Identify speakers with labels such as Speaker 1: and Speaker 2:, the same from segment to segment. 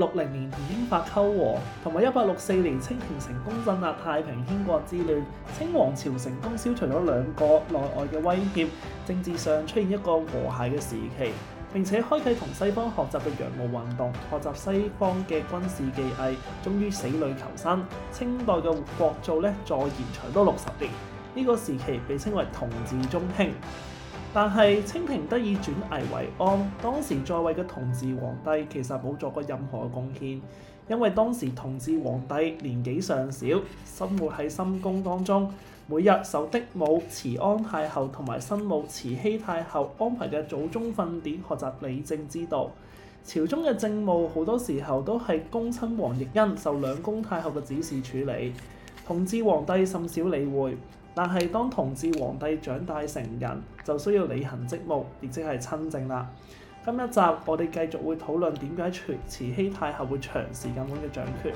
Speaker 1: 六零年同英法媾和，同埋一八六四年清廷成功鎮壓太平天國之亂，清王朝成功消除咗兩個內外嘅威脅，政治上出現一個和諧嘅時期，並且開啟同西方學習嘅洋務運動，學習西方嘅軍事技藝，終於死裡求生，清代嘅國祚咧再延長多六十年，呢、這個時期被稱為同治中興。但係清廷得以轉危為安，當時在位嘅同治皇帝其實冇作過任何嘅貢獻，因為當時同治皇帝年紀尚小，生活喺深宮當中，每日受嫡母慈安太后同埋生母慈禧太后安排嘅祖宗訓典學習理政之道。朝中嘅政務好多時候都係恭親王奕訢受兩宮太后嘅指示處理，同治皇帝甚少理會。但係，當同治皇帝長大成人，就需要履行職務，亦即係親政啦。今一集我哋繼續會討論點解慈慈禧太后會長時間咁嘅掌權。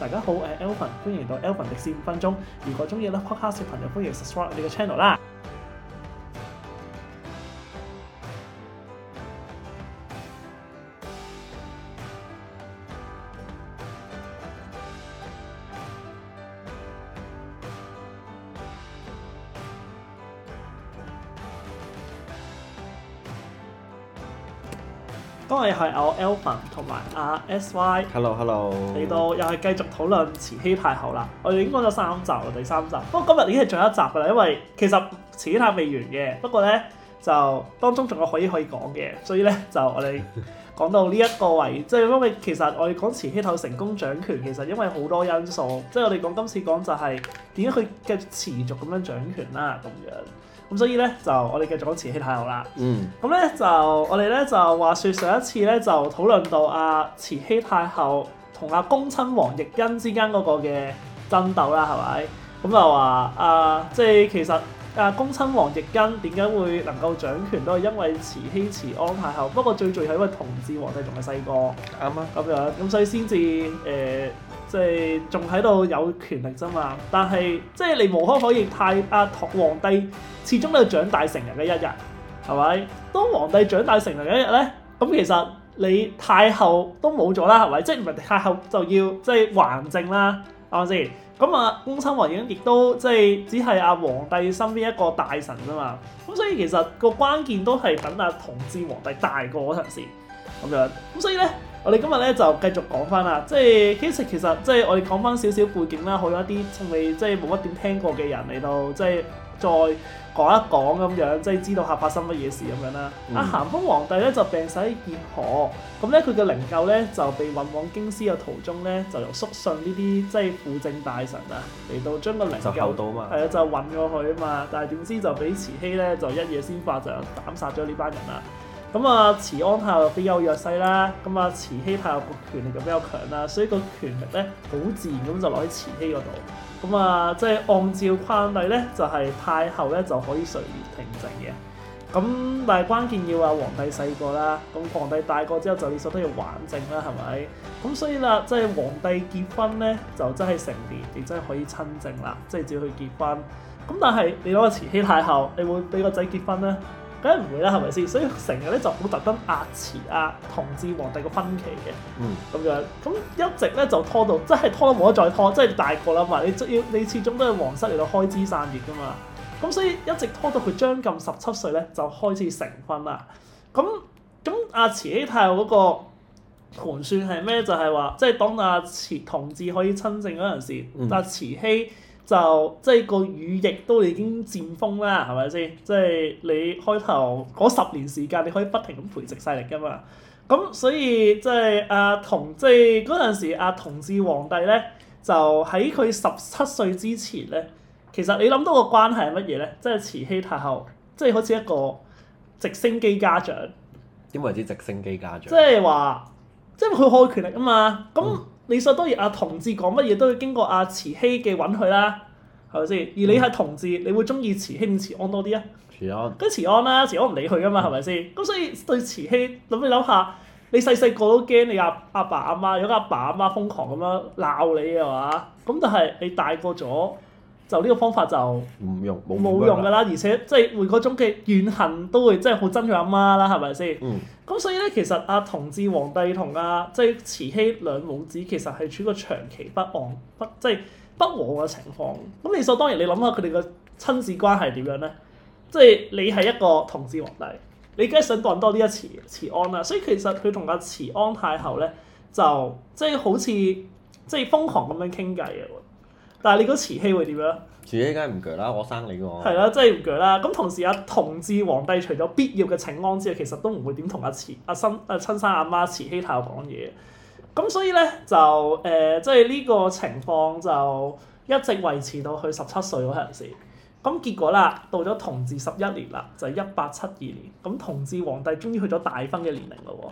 Speaker 1: 大家好，我係 Elvin，歡迎到 Elvin 歷史五分鐘。如果中意呢，podcast，小朋友歡迎 subscribe 我哋個 channel 啦。今日係我 Alvin 同埋阿 Sy，Hello Hello 嚟到又係繼續討論慈禧太后啦。我哋已經講咗三集啦，第三集，不過今日已經係仲有一集噶啦。因為其實慈禧太后未完嘅，不過咧就當中仲有可以可以講嘅，所以咧就我哋講到呢一個位，即係 因為其實我哋講慈禧太后成功掌權，其實因為好多因素，即係我哋講今次講就係點解佢嘅持續咁樣掌權啦咁樣。咁所以咧就我哋繼續講慈禧太后啦。嗯。咁咧就我哋咧就話説上一次咧就討論到阿、啊、慈禧太后同阿恭親王奕欣之間嗰個嘅爭鬥啦，係咪？咁就話啊，即係其實。啊，恭親王奕根點解會能夠掌權都係因為慈禧慈，慈安太后。不過最最要係因為同治皇帝仲係細個，咁、嗯、啊。咁樣咁所以先至誒，即係仲喺度有權力啫嘛。但係即係你無可可以太壓、啊、皇帝，始終都有長大成人嘅一日，係咪？當皇帝長大成人嘅一日咧，咁其實你太后都冇咗啦，係咪？即係唔係太后就要即係還政啦，啱唔啱先？咁啊，恭親王爺亦都即係只係阿皇帝身邊一個大臣啫嘛，咁所以其實個關鍵都係等阿同治皇帝大個嗰陣時，咁樣，咁所以咧，我哋今日咧就繼續講翻啦，即係其實其實即係我哋講翻少少背景啦，好一啲從未即係冇乜點聽過嘅人嚟到，即係。再講一講咁樣，即係知道下發生乜嘢事咁樣啦。阿、嗯、咸豐皇帝咧就病死喺熱河，咁咧佢嘅靈柩咧就被運往京師嘅途中咧，就由肅順呢啲即係輔政大臣啊嚟到將個靈柩，係啊就運過去啊嘛。但係點知就俾慈禧咧就一夜先發就斬殺咗呢班人啦。咁啊慈安太后比較弱勢啦，咁啊慈禧太后嘅權力就比較強啦，所以個權力咧好自然咁就攞喺慈禧嗰度。咁啊，即係按照慣例咧，就係、是、太后咧就可以垂簾聽政嘅。咁但係關鍵要話皇帝細個啦，咁皇帝大個之後就你所都要還政啦，係咪？咁所以啦，即係皇帝結婚咧，就真係成年亦真係可以親政啦，即係只要去結婚。咁但係你攞個慈禧太后，你會俾個仔結婚咧？梗係唔會啦，係咪先？ 所以成日咧就好特登壓遲啊，同治皇帝嘅婚期嘅，嗯，咁 樣咁一直咧就拖到即係拖到冇得再拖，即係大個啦嘛！你要你始終都係皇室嚟到開枝散葉噶嘛，咁所以一直拖到佢將近十七歲咧就開始成婚啦。咁咁阿慈禧太后嗰個盤算係咩？就係、是、話即係當阿、啊、慈同治可以親政嗰陣時，但 慈禧。就即係個羽翼都已經漸豐啦，係咪先？即係你開頭嗰十年時間，你可以不停咁培植勢力噶嘛。咁所以即係阿、啊、同即係嗰陣時阿、啊、同治皇帝咧，就喺佢十七歲之前咧，其實你諗到個關係係乜嘢咧？即係慈禧太后，即係好似一個直升機家長。點為之直升機家長？即係話，即係佢開權力啊嘛。咁。嗯理所當然，阿、啊、同志講乜嘢都要經過阿、啊、慈禧嘅允許啦，係咪先？而你係同志，嗯、你會中意慈禧定慈安多啲安啊？慈安梗慈安啦，慈安唔理佢㗎嘛，係咪先？咁所以對慈禧，諗你諗下，你細細個都驚你阿阿爸阿媽，媽，如果阿爸阿媽，媽瘋狂咁樣鬧你嘅話，咁但係你大個咗。就呢個方法就唔用冇用㗎啦，而且即係每個種嘅怨恨都會真係好憎佢阿媽啦，係咪先？咁、嗯、所以咧，其實阿同治皇帝同阿即係慈禧兩母子其實係處過長期不安不即係、就是、不和嘅情況。咁理所當然，你諗下佢哋個親子關係點樣咧？即、就、係、是、你係一個同治皇帝，你梗係想講多啲阿慈慈安啦。所以其實佢同阿慈安太后咧，就即係、就是、好似即係瘋狂咁樣傾偈啊！但係你覺得慈禧會點樣？慈禧梗係唔鋸啦，我生你㗎。係啦，真係唔鋸啦。咁 同時阿同治皇帝除咗必要嘅請安之外，其實都唔會點同阿慈阿親阿親生阿媽慈禧太后講嘢。咁所以咧就誒、呃，即係呢個情況就一直維持到佢十七歲嗰陣時。咁結果啦，到咗同治十一年啦，就係一八七二年。咁同治皇帝終於去咗大婚嘅年齡啦喎。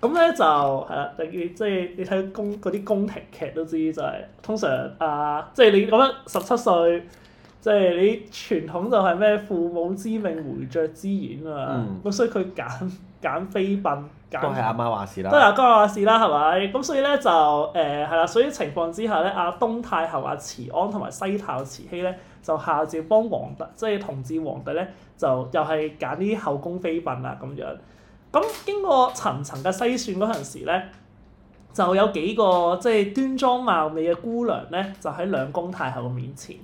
Speaker 1: 咁咧就係啦，即係你睇宮嗰啲宮廷劇都知，就係、是、通常啊，即係你咁得十七歲，即、就、係、是、你傳統就係咩父母之命回之、啊、媒妁之言啊嘛。咁所以佢揀揀妃嬪，妃都係阿媽話事啦，都係阿哥話事啦，係咪？咁所以咧就誒係啦，所以情況之下咧，阿東太后、啊、阿慈安同埋西太后慈禧咧，就下詔幫皇帝，即係同治皇帝咧，就又係揀啲後宮妃嬪啊咁樣。咁經過層層嘅篩選嗰陣時咧，就有幾個即係、就是、端莊貌美嘅姑娘咧，就喺兩宮太后面前。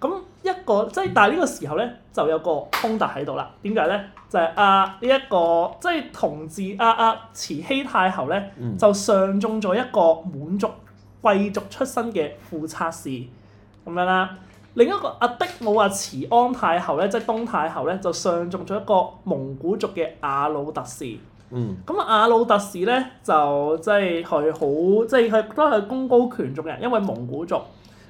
Speaker 1: 咁一個即係，但係呢個時候咧，就有個衝突喺度啦。點解咧？就係阿呢一個即係同治阿阿慈禧太后咧，就上中咗一個滿族貴族出身嘅富察氏咁樣啦。另一個阿的，母阿慈安太后咧，即係東太后咧，就上中咗一個蒙古族嘅阿魯特氏。嗯。咁阿阿魯特氏咧，就即係佢好，即係佢都係功高權重嘅人，因為蒙古族。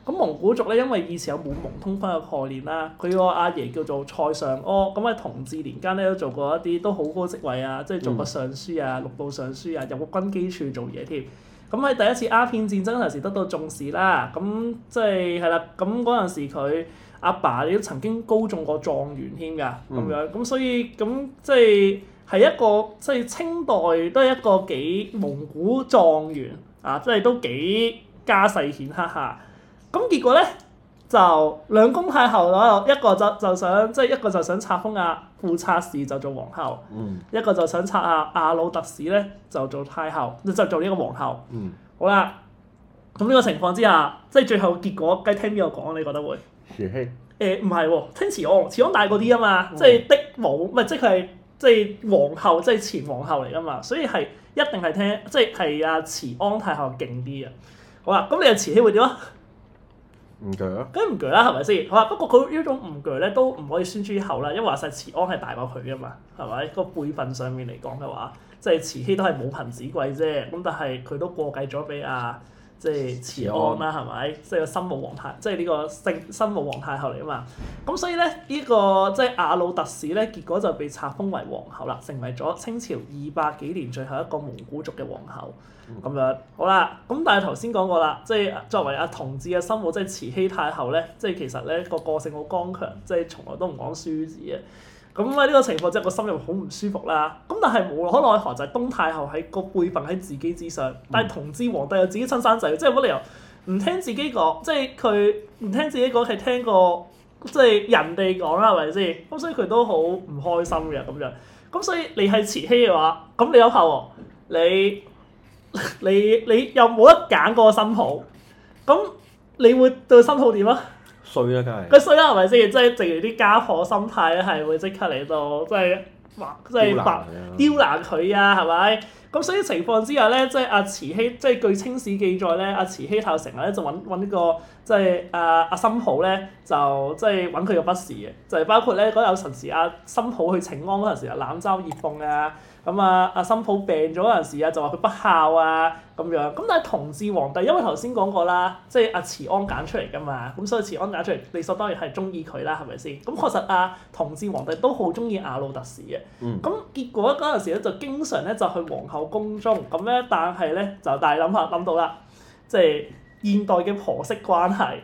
Speaker 1: 咁蒙古族咧，因為以前有滿蒙通婚嘅概念啦，佢個阿爺叫做賽尚阿。咁喺同治年間咧都做過一啲都好高職位啊，即、就、係、是、做過尚書啊、六部尚書啊，入過軍機處做嘢添。咁喺第一次鴉片戰爭嗰陣時得到重視啦，咁即係係啦，咁嗰陣時佢阿爸亦都曾經高中過狀元添㗎，咁、嗯、樣，咁所以咁即係係一個即係、就是、清代都係一個幾蒙古狀元、嗯、啊，即、就、係、是、都幾家世顯赫嚇。咁結果咧就兩宮太后喺度一個就就想即係、就是、一個就想冊封啊。副冊使就做皇后，嗯、一個就想冊下阿魯特氏咧就做太后，就做呢個皇后。嗯、好啦，咁呢個情況之下，即係最後結果，雞聽邊個講，你覺得會？慈禧。誒唔係喎，聽慈安慈安大過啲啊嘛，嗯、即係嫡母，唔係即係即係皇后，即係前皇后嚟噶嘛，所以係一定係聽即係係阿慈安太后勁啲啊。好啦，咁你阿慈禧會點啊？唔鋸啦，梗唔鋸啦，係咪先？好啊不過佢呢種唔鋸咧，都唔可以宣諸於口啦，因為話晒慈安係大過佢啊嘛，係咪？個輩份上面嚟講嘅話，即係慈禧都係母憑子貴啫。咁但係佢都過繼咗俾阿即係慈安啦，係咪？即係新武皇太，即係呢個新新武皇太后嚟啊嘛。咁所以咧，呢、呢個即係阿魯特氏咧，結果就被冊封為皇后啦，成為咗清朝二百幾年最後一個蒙古族嘅皇后。咁樣好啦，咁但係頭先講過啦，即係作為阿同治嘅生母，即係慈禧太后咧，即係其實咧個個性好剛強，即係從來都唔講輸字嘅。咁喺呢個情況即係個心入好唔舒服啦。咁但係無可奈何，就係東太后喺個輩份喺自己之上，但係同治皇帝有自己親生仔，即係冇理由唔聽自己講，即係佢唔聽自己講係聽個即係人哋講啦，係咪先？咁所以佢都好唔開心嘅咁樣。咁所以你係慈禧嘅話，咁你有拍喎你？你你又冇得揀個新抱，咁你會對新抱點啊？衰啦，梗係。佢衰啦，係咪先？即係正如啲家婆心態咧，係會即刻嚟到，即係即係白刁難佢啊，係咪？咁所以情況之下咧，即係阿、啊、慈禧，即係據清史記載咧，阿、啊、慈禧太后成日咧就揾揾呢個，即係阿阿新抱咧，就即係揾佢個不是嘅，就係、是、包括咧嗰陣時阿新抱去請安嗰陣時南州啊，冷嘲熱諷啊。咁、嗯、啊，阿新抱病咗嗰陣時啊，就話佢不孝啊，咁樣。咁但係同治皇帝，因為頭先講過啦，即係阿慈安揀出嚟噶嘛，咁所以慈安揀出嚟，理所當然係中意佢啦，係咪先？咁、嗯、確、嗯、實阿、啊、同治皇帝都好中意阿魯特氏嘅。咁結果嗰陣時咧，就經常咧就去皇后宮中咁咧，但係咧就大諗下諗到啦，即、就、係、是、現代嘅婆媳關係，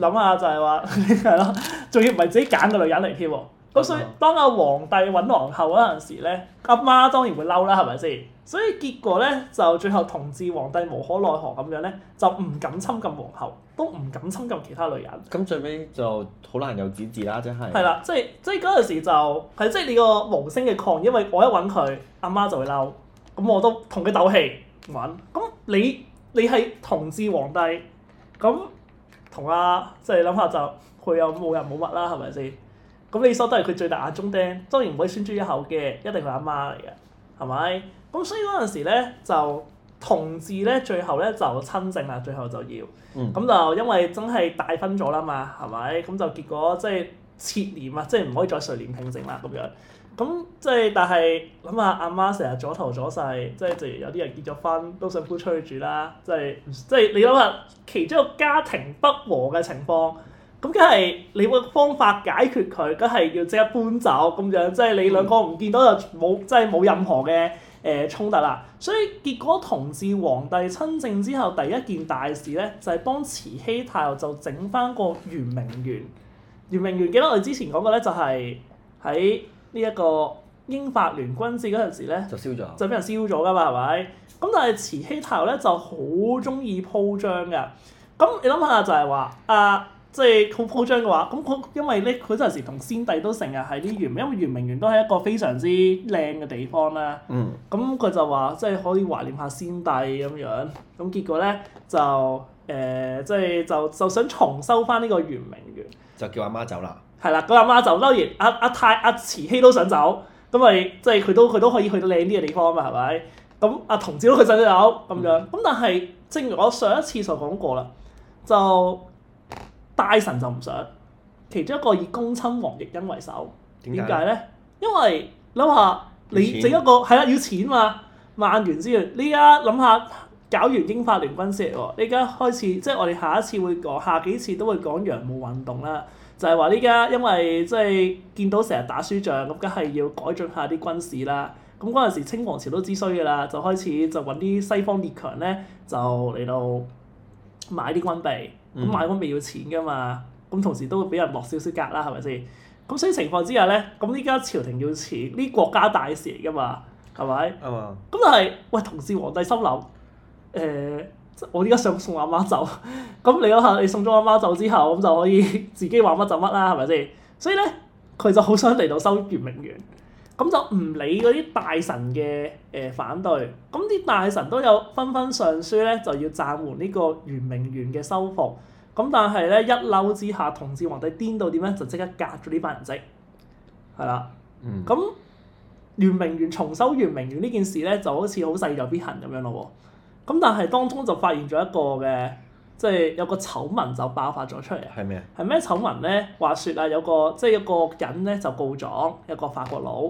Speaker 1: 諗 下就係話係咯，仲要唔係自己揀個女人嚟添喎？咁所以當阿皇帝揾皇后嗰陣時咧，阿媽當然會嬲啦，係咪先？所以結果咧就最後同治皇帝無可奈何咁樣咧，就唔敢侵犯皇后，都唔敢侵犯其他女人。咁最尾就好難有子嗣啦，真係。係啦，即係即係嗰陣時就係即係你個無聲嘅抗，因為我一揾佢，阿媽就會嬲。咁我都同佢鬥氣唔揾。咁你你係同治皇帝，咁同阿即係諗下就佢又冇人冇物啦，係咪先？咁你收得係佢最大眼中釘，當然唔可以宣諸一口嘅，一定係阿媽嚟嘅，係咪？咁所以嗰陣時咧就，同治咧最後咧就親政啦，最後就要，咁、嗯、就因為真係大婚咗啦嘛，係咪？咁就結果即係撤簾啊，即係唔可以再垂簾聽政啦咁樣。咁即係但係諗下阿媽成日阻頭阻勢，即係例如有啲人結咗婚都想搬出去住啦，即係即係你諗下其中一個家庭不和嘅情況。咁梗係你個方法解決佢，梗係要即刻搬走咁樣，即係你兩個唔見到就冇，即係冇任何嘅誒、呃、衝突啦。所以結果同治皇帝親政之後，第一件大事咧就係、是、幫慈禧太后就整翻個圓明園。圓明園記得我哋之前講過咧，就係喺呢一個英法聯軍戰嗰陣時咧，就燒咗，就俾人燒咗㗎嘛，係咪？咁但係慈禧太后咧就好中意鋪張嘅。咁你諗下就係話啊～、呃即係好鋪張嘅話，咁佢因為咧，佢嗰陣時同先帝都成日喺啲圓明，因為圓明園都係一個非常之靚嘅地方啦。嗯。咁佢、嗯、就話，即係可以懷念下先帝咁樣。咁結果咧就誒，即、呃、係就是、就，就想重修翻呢個圓明園。就叫阿媽、媽走啦。係啦，佢阿媽走嬲完，阿阿太、阿、啊啊啊、慈禧都想走，咁咪即係佢都佢都可以去到靚啲嘅地方啊嘛？係咪？咁阿同治都佢想走咁樣，咁、嗯、但係正如我上一次就講過啦，就。就大臣就唔想，其中一個以恭親王奕訢為首，點解咧？因為諗下你整一個係啦錢，要錢嘛，萬元之用。呢家諗下搞完英法聯軍之後，依家開始即係我哋下一次會講，下幾次都會講洋務運動啦。就係話呢家因為即係見到成日打輸仗，咁梗係要改進下啲軍事啦。咁嗰陣時清王朝都知衰噶啦，就開始就揾啲西方列強咧就嚟到買啲軍備。咁、嗯、買嗰未要錢噶嘛，咁同時都會俾人落少少格啦，係咪先？咁所以情況之下咧，咁依家朝廷要錢，呢國家大事嚟噶嘛，係咪？咁就係，喂，同治皇帝心諗，誒、呃，我依家想送阿媽走，咁你諗下，你送咗阿媽走之後，咁就可以自己話乜就乜啦，係咪先？所以咧，佢就好想嚟到修圓明園。咁就唔理嗰啲大臣嘅誒、呃、反對，咁啲大臣都有紛紛上書咧，就要暫緩呢個圓明園嘅修復。咁但係咧，一嬲之下，同治皇帝顛到點咧，就即刻革咗呢班人職，係啦。咁圓、嗯、明園重修圓明園呢件事咧，就好似好勢在必行咁樣咯喎。咁但係當中就發現咗一個嘅。即係有個醜聞就爆發咗出嚟。係咩啊？係咩醜聞咧？話說啊，有個即係、就是、一個人咧就告狀，一個法國佬。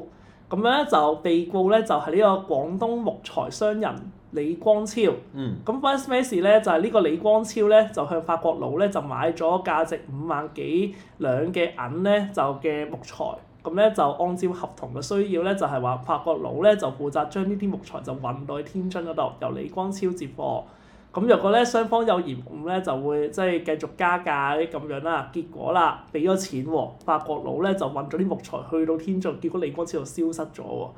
Speaker 1: 咁樣咧就被告咧就係呢個廣東木材商人李光超。嗯。咁關咩事咧就係、是、呢個李光超咧就向法國佬咧就買咗價值五萬幾兩嘅銀咧就嘅木材。咁咧就按照合同嘅需要咧就係話法國佬咧就負責將呢啲木材就運到去天津嗰度，由李光超接貨。咁若果咧雙方有嫌惡咧，就會即係繼續加價啲咁樣啦。結果啦，俾咗錢喎，法國佬咧就運咗啲木材去到天津，結果李光超就消失咗喎。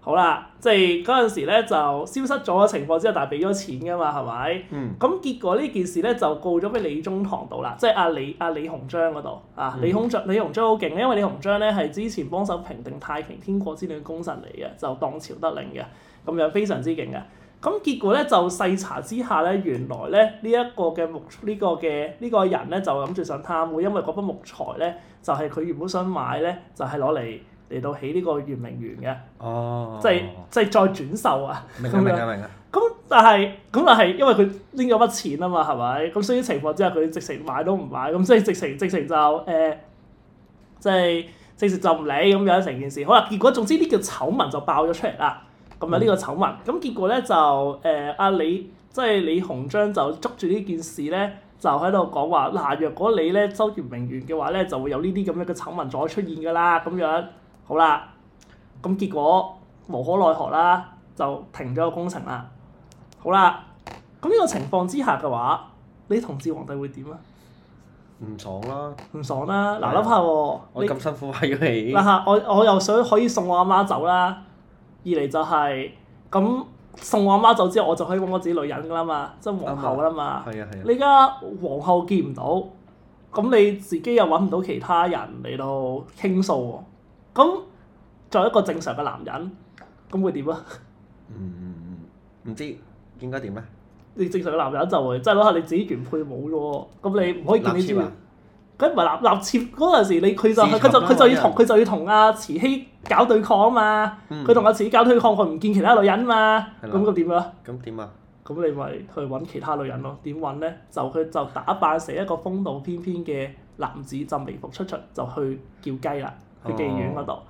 Speaker 1: 好啦，即係嗰陣時咧就消失咗嘅情況之下，但係俾咗錢嘅嘛，係咪？咁、嗯、結果呢件事咧就告咗俾李中堂度啦，即係阿李阿李鴻章嗰度啊。李鴻章李鴻章好勁，因為李鴻章咧係之前幫手平定太平天國之亂嘅功臣嚟嘅，就當朝得令嘅，咁樣非常之勁嘅。咁結果咧就細查之下咧，原來咧呢一個嘅木呢個嘅呢個人咧就諗住想貪污，因為嗰筆木材咧就係佢原本想買咧，就係攞嚟嚟到起呢個圓明園嘅。哦。即係即係再轉售啊！明明明啊！咁但係咁但係因為佢拎咗筆錢啊嘛係咪？咁所以情況之下佢直情買都唔買，咁所以直情直情就誒即係直情就唔理咁樣成件事。好啦，結果總之呢叫醜聞就爆咗出嚟啦。咁有呢個醜聞，咁、嗯嗯、結果咧就誒阿、呃、李，即係李鴻章就捉住呢件事咧，就喺度講話嗱，若果你咧周圓明園嘅話咧，就會有呢啲咁樣嘅醜聞再出現噶啦，咁樣好啦。咁結果無可奈何啦，就停咗個工程啦。好啦，咁呢個情況之下嘅話，你同治皇帝會點啊？唔爽啦！唔爽啦！嗱唉，諗下喎，說說我咁辛苦拍戲，嗱嚇我，我又想可以送我阿媽走啦。二嚟就係、是，咁送我阿媽走之後，我就可以揾我自己女人㗎啦嘛，即、就、係、是、皇后㗎嘛。係啊係啊！呢家皇后見唔到，咁你自己又揾唔到其他人嚟到傾訴喎，咁作為一個正常嘅男人，咁會點啊？唔唔、嗯、知應該點咧？你正常嘅男人就會，即係攞下你自己原配冇嘅喎，咁你唔可以見呢啲佢唔係立立立妾嗰陣時你佢就佢場就佢就，就要同佢就要同阿慈禧。搞對抗啊嘛！佢同自己搞對抗，佢唔見其他女人嘛？咁佢點啊？咁點啊？咁你咪去揾其他女人咯？點揾、嗯、呢？就佢就打扮成一個風度翩翩嘅男子，就微服出巡，就去叫雞啦！去妓院嗰度。哦。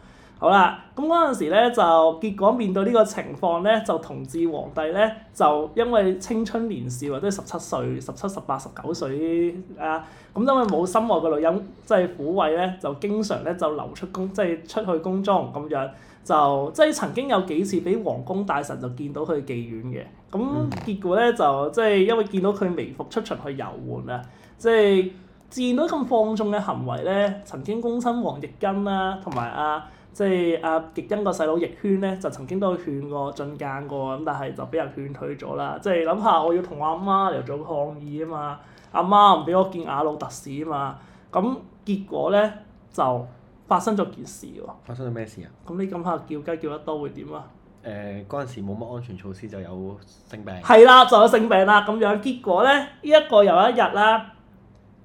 Speaker 1: 好啦，咁嗰陣時咧，就結果面對呢個情況咧，就同治皇帝咧就因為青春年少，或者十七歲、十七、十八、十九歲啲啊，咁、嗯嗯、因為冇心愛嘅女人即係撫慰咧，就經常咧就溜出宮，即、就、係、是、出去宮裝咁樣，就即係、就是、曾經有幾次俾皇宮大臣就見到佢妓院嘅，咁、嗯嗯、結果咧就即係因為見到佢微服出巡去遊玩啊，即係見到咁放縱嘅行為咧，曾經恭親王奕訢啦同埋啊。即係阿易欣個細佬易軒咧，就曾經都勸過進諫過，咁但係就俾人勸退咗啦。即係諗下，我要同阿媽嚟做抗議啊嘛，阿媽唔俾我見阿魯特使啊嘛，咁結果咧就發生咗件事喎。發生咗咩事啊？咁你咁下叫雞叫得多會點啊？誒，嗰陣時冇乜安全措施就有性病，啊，就有性病。係啦，就有性病啦。咁樣結果咧，呢一個又一日啦，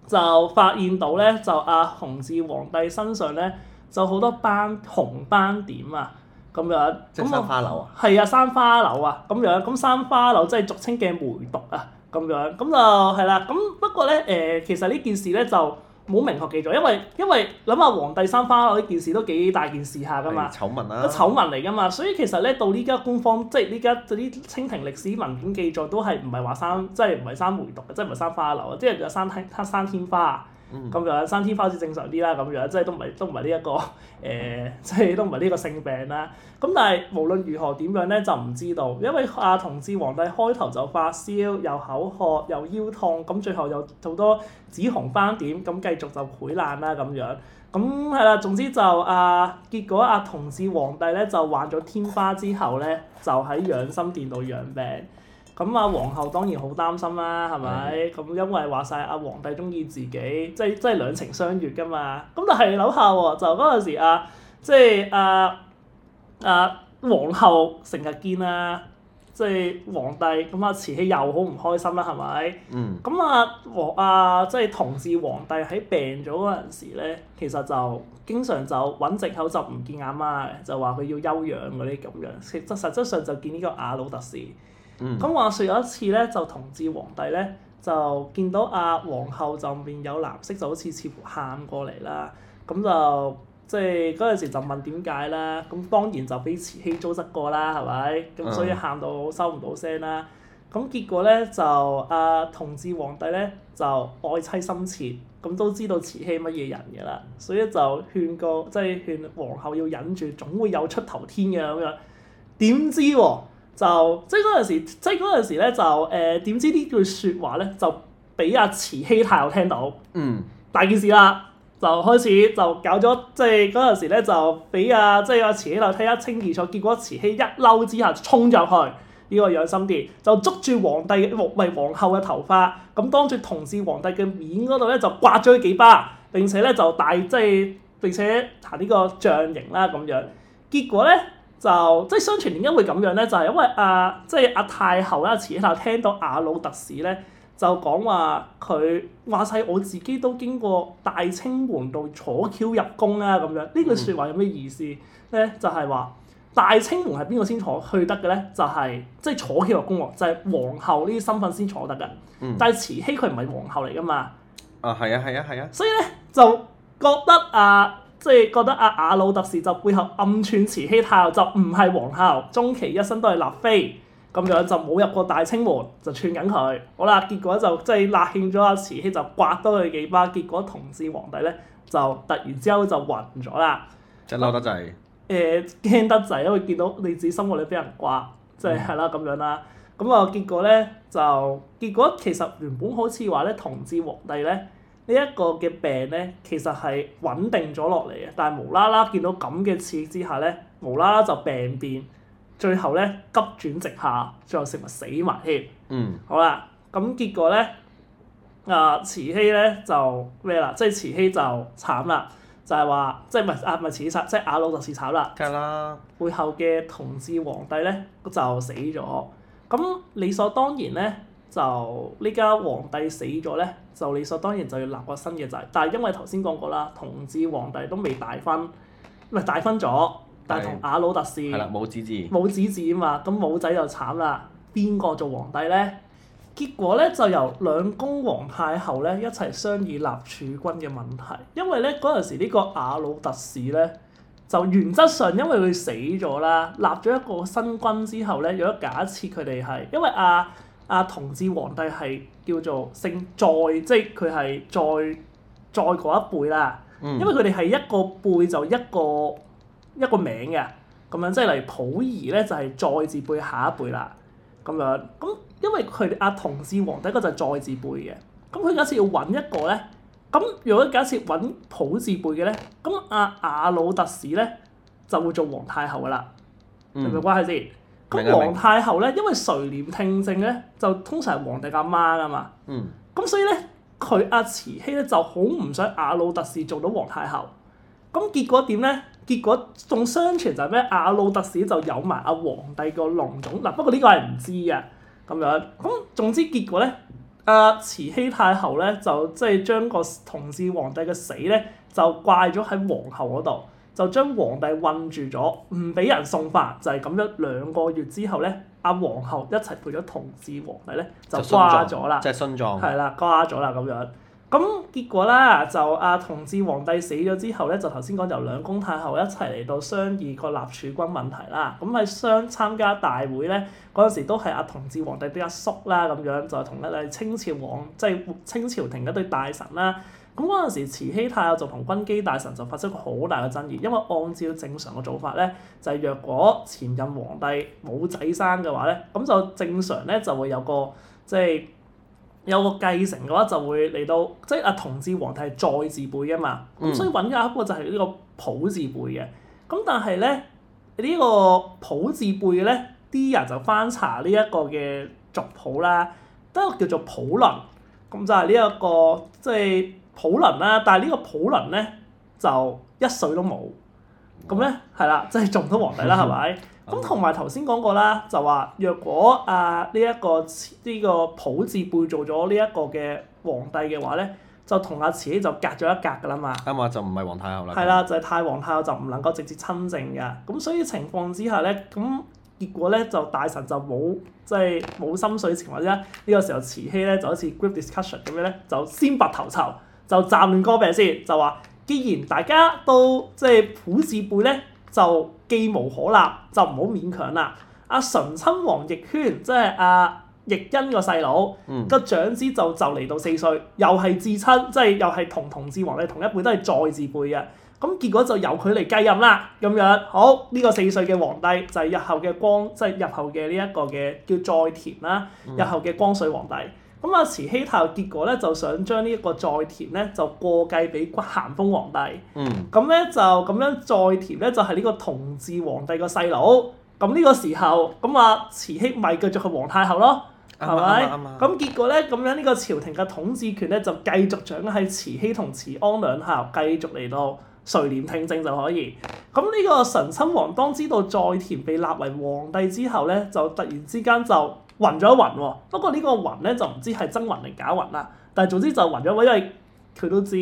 Speaker 1: 就發現到咧，就阿洪治皇帝身上咧。就好多斑紅斑點啊，咁樣咁我係啊生花柳啊，咁樣咁生花柳即係俗稱嘅梅毒啊，咁樣咁就係啦。咁不過咧誒、呃，其實呢件事咧就冇明確記載，因為因為諗下皇帝生花柳呢件事都幾大件事下噶嘛，醜聞啦、都，醜聞嚟噶嘛。所以其實咧，到呢家官方即係依家啲清廷歷史文件記載，都係唔係話生即係唔係生梅毒啊，即係唔係生花柳啊，即係叫生，生天生天花。咁樣生天花好似正常啲啦，咁樣即係都唔係都唔係呢一個誒，即係都唔係呢個性病啦。咁但係無論如何點樣咧，就唔知道，因為阿、啊、同治皇帝開頭就發燒，又口渴，又腰痛，咁最後又好多紫紅斑點，咁繼續就潰爛啦咁樣。咁係啦，總之就阿、啊、結果阿、啊、同治皇帝咧就患咗天花之後咧，就喺養心殿度養病。咁阿皇后當然好擔心啦、啊，係咪？咁、嗯、因為話晒阿皇帝中意自己，即係即係兩情相悅噶嘛。咁但係你諗下喎，就嗰陣時阿、啊、即係阿阿皇后成日見啦、啊，即係皇帝。咁阿慈禧又好唔開心啦、啊，係咪？咁、嗯、啊皇啊即係同治皇帝喺病咗嗰陣時咧，其實就經常就揾藉口就唔見阿媽，媽，就話佢要休養嗰啲咁樣。其實實質上就見呢個阿魯特氏。咁、嗯、話説有一次咧，就同治皇帝咧就見到阿、啊、皇后就面有藍色，就好似似乎喊過嚟啦。咁就即係嗰陣時就問點解啦。咁當然就俾慈禧糟質過啦，係咪？咁所以喊到收唔到聲啦。咁、嗯、結果咧就阿、啊、同治皇帝咧就愛妻心切，咁都知道慈禧乜嘢人嘅啦。所以就勸告，即、就、係、是、勸皇后要忍住，總會有出頭天嘅咁樣。點、嗯、知喎、哦？就即係嗰陣時，即係嗰陣時咧就誒點知呢句説話咧就俾阿慈禧太后聽到。嗯。大件事啦，就開始就搞咗，即係嗰陣時咧就俾阿即係阿慈禧太后睇得一清二楚。結果慈禧一嬲之下衝咗去，呢個養心殿就捉住皇帝，皇咪皇后嘅頭髮，咁當住同治皇帝嘅面嗰度咧就刮咗幾巴，並且咧就大即係並且行呢個杖刑啦咁樣。結果咧？就即係相傳點解會咁樣咧？就係、是、因為阿、啊、即係阿太后啦、啊，慈禧太后聽到阿魯特使咧就講話佢話晒我自己都經過大清門度坐轎入宮啦、啊、咁樣。呢句説話有咩意思咧？就係、是、話大清門係邊個先坐去得嘅咧？就係、是、即係坐轎入宮喎、啊，就係、是、皇后呢啲身份先坐得㗎。嗯、但係慈禧佢唔係皇后嚟噶嘛？啊，係啊，係啊，係啊。所以咧，就覺得啊。即係覺得阿雅魯特氏就背後暗串慈禧太后，就唔係皇后，終其一生都係立妃，咁樣就冇入過大清門，就串緊佢。好啦，結果就即係鬧勸咗阿慈禧，就刮多佢幾巴。結果同治皇帝咧就突然之間就暈咗啦。即係嬲得滯。誒驚得滯，因為見到你自己心裏邊俾人刮，即係係啦咁樣啦。咁、嗯、啊，結果咧就結果其實原本好似話咧，同治皇帝咧。呢一個嘅病咧，其實係穩定咗落嚟嘅，但係無啦啦見到咁嘅刺激之下咧，無啦啦就病變，最後咧急轉直下，最後食物死埋添。嗯。好啦，咁結果咧，啊、呃、慈禧咧就咩啦？即係慈禧就慘啦，就係、是、話即係咪係啊唔係慈即係阿老就是慘啦。梗係啦。背後嘅同治皇帝咧就死咗，咁理所當然咧。就呢家皇帝死咗咧，就理所當然就要立個新嘅仔。但係因為頭先講過啦，同治皇帝都未大婚，咪大婚咗，但係同阿魯特氏，係啦，冇子嗣，冇子嗣啊嘛，咁冇仔就慘啦。邊個做皇帝咧？結果咧就由兩宮皇太后咧一齊商議立儲君嘅問題。因為咧嗰陣時呢個阿魯特氏咧，就原則上因為佢死咗啦，立咗一個新君之後咧，如果假設佢哋係因為阿、啊……阿、啊、同治皇帝係叫做姓載，即係佢係載載嗰一輩啦。嗯、因為佢哋係一個輩就一個一個名嘅，咁樣即係例如溥儀咧就係、是、載字輩下一輩啦。咁樣咁因為佢哋阿同治皇帝嗰就係載字輩嘅，咁佢假設要揾一個咧，咁如果假設揾溥字輩嘅咧，咁阿阿魯特氏咧就會做皇太后噶啦，
Speaker 2: 嗯、明唔明
Speaker 1: 關係先？咁皇太后咧，因為垂簾聽政咧，就通常係皇帝阿媽噶嘛。咁、嗯、所以咧，佢阿、啊、慈禧咧就好唔想阿魯特氏做到皇太后。咁結果點咧？結果仲相傳就係咩？阿魯特氏就有埋阿、啊、皇帝個龍種嗱、啊。不過呢個係唔知嘅。咁樣。咁總之結果咧，阿、呃、慈禧太后咧就即係將個同治皇帝嘅死咧就怪咗喺皇后嗰度。就將皇帝困住咗，唔俾人送飯，就係、是、咁樣。兩個月之後咧，阿皇后一齊陪咗同治皇帝咧，就瓜咗啦。即係殉葬。係、就、啦、是，瓜咗啦咁樣。咁、嗯、結果咧，就阿、啊、同治皇帝死咗之後咧，就頭先講由兩宮太后一齊嚟到商議個立儲君問題啦。咁係商參加大會咧，嗰陣時都係阿、啊、同治皇帝啲阿叔啦，咁樣就同一對清朝皇，即、就、係、是、清朝廷一對大臣啦。嗯咁嗰陣時，慈禧太后就同軍機大臣就發生一個好大嘅爭議，因為按照正常嘅做法咧，就係、是、若果前任皇帝冇仔生嘅話咧，咁就正常咧就會有個即係、就是、有個繼承嘅話就，就會嚟到即係阿同治皇帝係載字輩啊嘛，咁、嗯、所以揾嘅有一個就係呢個溥字輩嘅。咁但係咧呢、這個溥字輩嘅咧啲人就翻查呢一個嘅族譜啦，都叫做溥倫。咁就係呢一個即係。就是這個就是普倫啦，但係呢個普倫咧就一歲都冇，咁咧係啦，即係做唔到皇帝啦，係咪？咁同埋頭先講過啦，就話若果啊呢一、這個呢、這個這個普字輩做咗呢一個嘅皇帝嘅話咧，就同阿慈禧就隔咗一隔㗎啦嘛。啱啊、嗯，就唔係皇太后啦。係啦，就係、是、太皇太后就唔能夠直接親政㗎。咁所以情況之下咧，咁結果咧就大臣就冇即係冇心水情或者呢個時候慈禧咧就好似 group discussion 咁樣咧，就先拔頭籌。就暫亂乾兵先，就話既然大家都即係溥字輩咧，就既、是、無可立，就唔好勉強啦。阿、啊、醇親王奕譞即係阿奕訢個細佬，個、就是啊嗯、長子就就嚟到四歲，又係至親，即、就、係、是、又係同同治皇咧同一輩都輩，都係載字輩嘅。咁結果就由佢嚟繼任啦。咁樣好呢、這個四歲嘅皇帝就係日後嘅光，即、就、係、是、日後嘅呢一個嘅叫載湉啦，日後嘅光緒皇帝。嗯咁阿慈禧太后結果咧，就想將呢一個載湉咧，就過繼俾咸豐皇帝。咁咧、嗯、就咁樣載湉咧，就係呢、就是、個同治皇帝個細佬。咁呢個時候，咁阿慈禧咪繼續去皇太后咯，
Speaker 2: 係咪？
Speaker 1: 咁結果咧，咁樣呢個朝廷嘅統治權咧，就繼續掌握喺慈禧同慈安兩下，繼續嚟到垂簾聽政就可以。咁呢個醇親王當知道載湉被立為皇帝之後咧，就突然之間就～暈咗一暈喎，不過呢個暈咧就唔知係真暈定假暈啦，但係總之就暈咗暈，因為佢都知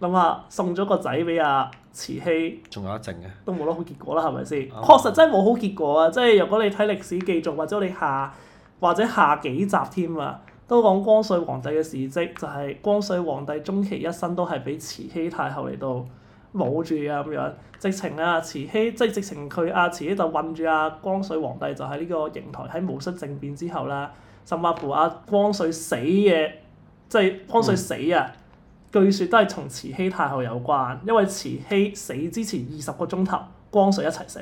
Speaker 1: 諗下送咗個仔俾阿慈禧，仲有一靜嘅，都冇得好結果啦，係咪先？啊、確實真係冇好結果啊！即係如果你睇歷史記載或者你下或者下幾集添啊，都講光緒皇帝嘅事跡，就係、是、光緒皇帝終其一生都係俾慈禧太后嚟到。冇住啊咁樣，直情啊慈禧，即係直情佢阿慈禧就困住阿、啊、光緒皇帝就，就喺呢個瀛台喺戊戌政變之後啦。甚至乎阿光緒死嘅，即係光緒死啊，死就是死嗯、據說都係同慈禧太后有關，因為慈禧死之前二十個鐘頭，光緒一齊死，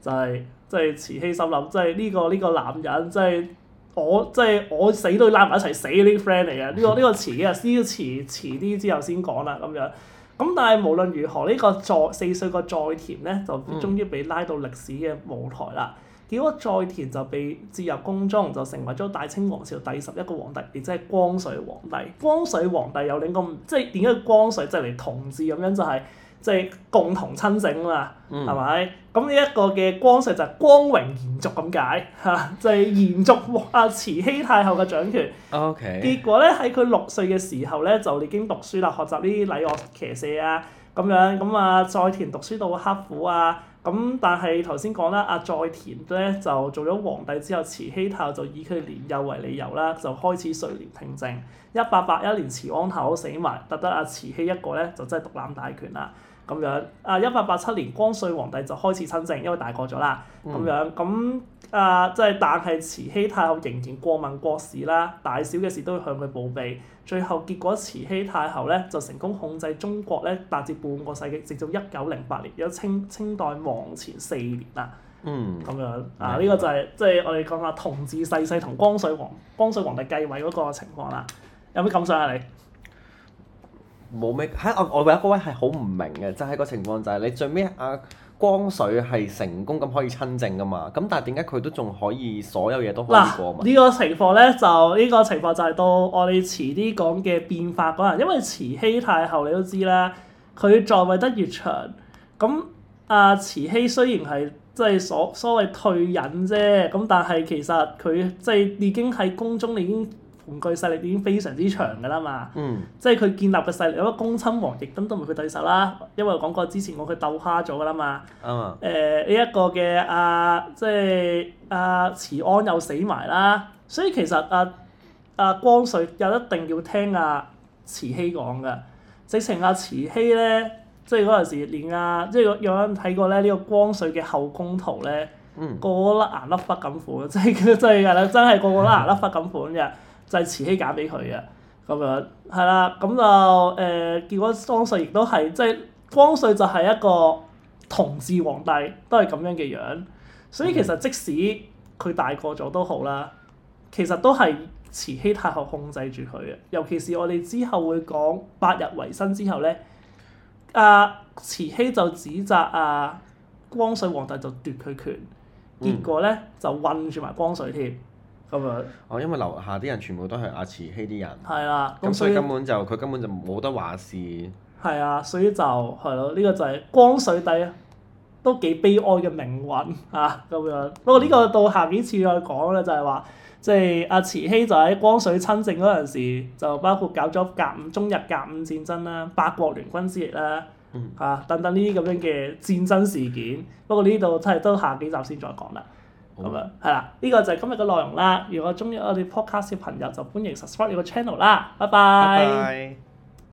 Speaker 1: 就係即係慈禧心諗，即係呢個呢、這個男人，即、就、係、是、我即係、就是、我死都要拉埋一齊死呢、這個 friend 嚟嘅，呢、這個呢、這個慈啊，呢個遲啲之後先講啦咁樣。咁但係無論如何，呢、這個在四歲個載湉咧，就終於被拉到歷史嘅舞台啦。嗯、結果載湉就被置入宮中，就成為咗大清王朝第十一個皇帝，亦即係光緒皇帝。光緒皇帝有兩個，即係點解光緒即係嚟同治咁樣就係、是。即係共同親政嘛，係咪、嗯？咁呢一個嘅光緒就係光榮延續咁解嚇， 就係延續阿慈禧太后嘅掌權。嗯、O.K. 結果咧喺佢六歲嘅時候咧就已經讀書啦，學習呢啲禮樂騎射啊咁樣咁啊，載湉讀書到刻苦啊咁，但係頭先講啦，阿載湉咧就做咗皇帝之後，慈禧太后就以佢年幼為理由啦，就開始垂簾聽政。一八八一年慈安太后死埋，得得阿慈禧一個咧就真係獨攬大權啦。咁樣啊！一八八七年光緒皇帝就開始親政，因為大個咗啦。咁、嗯、樣咁啊，即、呃、係、就是、但係慈禧太后仍然過問國事啦，大小嘅事都要向佢報備。最後結果慈禧太后咧就成功控制中國咧，達至半個世紀，直到一九零八年，有清清代亡前四年啦。嗯。咁樣啊，呢個就係即係我哋講下同治世世同光緒皇光緒皇帝繼位嗰個情況啦。有咩感想啊？你？冇咩喺我，我揾嗰位係好唔明嘅，就係、是、個情況就係你最尾阿光緒係成功咁可以親政㗎嘛，咁但係點解佢都仲可以所有嘢都可以過呢、這個情況咧？就呢、這個情況就係到我哋遲啲講嘅變法嗰陣，因為慈禧太后你都知啦，佢在位得越長，咁阿、啊、慈禧雖然係即係所所謂退隱啫，咁但係其實佢即係已經喺宮中已經。玩具勢力已經非常之強嘅啦嘛，即係佢建立嘅勢力，有個恭親王亦駒都唔係佢對手啦。因為講過之前我佢鬥蝦咗嘅啦嘛。誒呢一個嘅阿即係阿慈安又死埋啦，所以其實阿阿光緒又一定要聽阿慈禧講嘅。直情阿慈禧咧，即係嗰陣時連阿即係有人睇過咧，呢個光緒嘅後宮圖咧，個粒牙粒忽咁款，真係真係啦，真係個個粒牙粒忽咁款嘅。就係慈禧揀俾佢嘅，咁樣係啦，咁就誒、呃、結果光緒亦都係，即係光緒就係一個同治皇帝，都係咁樣嘅樣。所以其實即使佢大過咗都好啦，其實都係慈禧太后控制住佢嘅，尤其是我哋之後會講百日維新之後咧，阿、啊、慈禧就指責啊光緒皇帝就奪佢權，結果咧就困住埋光緒添。咁樣、嗯、哦，因為樓下啲人全部都係阿慈禧啲人，係啦、啊，咁、嗯、所以根本就佢 根本就冇得話事。係啊，所以就係咯，呢、啊這個就係光緒帝都幾悲哀嘅命運嚇咁、啊、樣。不過呢個到下幾次再講啦，就係話即係阿慈禧就喺光緒親政嗰陣時，就包括搞咗甲午中日甲午戰爭啦、八國聯軍之役啦嚇等等呢啲咁樣嘅戰爭事件。嗯、不過呢度都係都下幾集先再講啦。咁、嗯、樣係啦，呢個就係今日嘅內容啦。如果鍾意我哋 podcast 嘅朋友，就歡迎 subscribe 呢個 channel 啦。拜拜。拜拜拜拜。